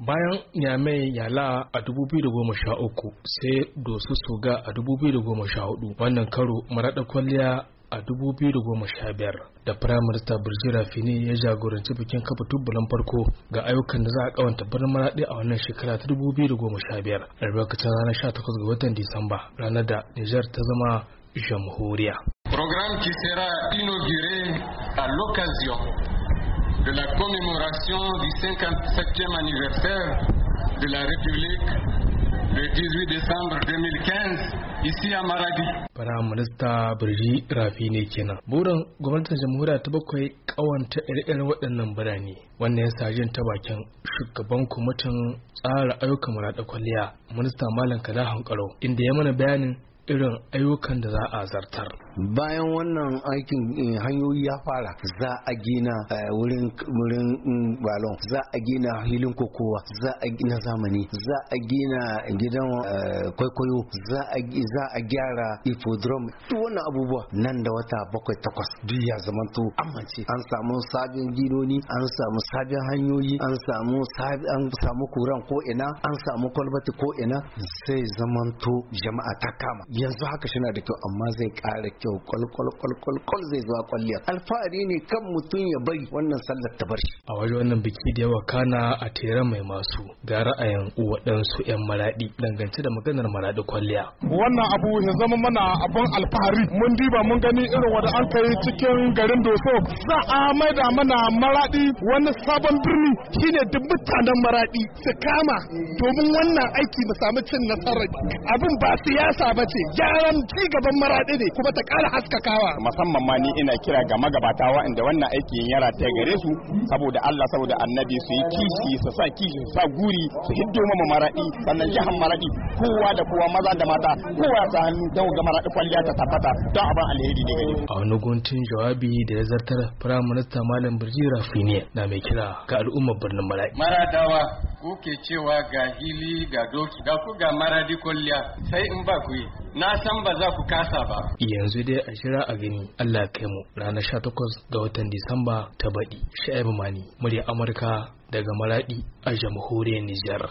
bayan nyamai yala a 2013 sai dosu soga a 2014 wannan karo maraɗa kwalliya a 2015 da Minister birjira fini ya jagoranci bikin kafa tubulan farko ga ayyukan da za a kawanta birnin maraɗi a wannan shekara ta 2015 albarkacin ranar 18 ga watan disamba ranar da nijar ta zama jamhuriya Programme qui sera inauguré à l'occasion de la commémoration du 57e anniversaire de la République le 18 décembre 2015 ici a Maradi. Fara minista Birji Rafi ne kenan. Burin gwamnatin jamhuriya ta bakwai kawanta ire-iren waɗannan birane. Wannan ya sajin ta bakin shugaban kwamitin tsara ayyukan maraɗa kwalliya, minista Malam Kada Hankaro, inda ya mana bayanin irin ayyukan da za a zartar. bayan wannan aikin eh, hanyoyi ya fara za a gina eh, wurin wurin mm, balon za a gina hilin kokowa za a gina zamani za a gina gidan eh, kwaikwayo za a gyara ifodrom duk wannan abubuwa nan da wata bakwai takwas duk ya zamanto amince an samu sabin ginoni an samu sabin hanyoyi an samu an samu kuran ko ina an samu kwalbati ko ina sai zamanto jama'a ta kama yanzu haka shi na da kyau amma zai ƙara kyau kyau kwalkwalkwalkwal zai zuwa kwalliya alfahari ne kan mutum ya bari wannan sallar ta bar shi a wajen wannan biki da yawa kana a tera mai masu ga ra'ayin waɗansu 'yan maraɗi dangance da maganar maraɗi kwalliya wannan abu ya zama mana abin alfahari mun diba mun gani irin wanda an kai cikin garin doso za a da mana maraɗi wani sabon birni shine duk mutanen maraɗi su kama domin wannan aiki mu samu cin nasara abin ba siyasa ba ce gyaran ci gaban maraɗi ne kuma ta kara haskakawa musamman ma ni ina kira ga magabata waɗanda wannan aikin yara ta gare su saboda Allah saboda annabi su yi kishi su sa kishi su sa guri su hiddo mama maradi sannan jihar maradi kowa da kowa maza da mata kowa ta hannu don ga maradi kwalliya ta tabbata don abin alheri ne gare a wani guntun jawabi da ya zartar firayim minista malam rafi ne na mai kira ga al'ummar birnin maradi maradawa kuke cewa ga hili ga doki ga ku ga maradi kwalliya sai in ba ku yi na san ba za ku kasa ba yanzu dai a shira a gani Allah kai mu ranar takwas ga watan Disamba ta baɗi Sha'ibu Mani murya Amurka daga Maradi a jamhuriyar Nijar.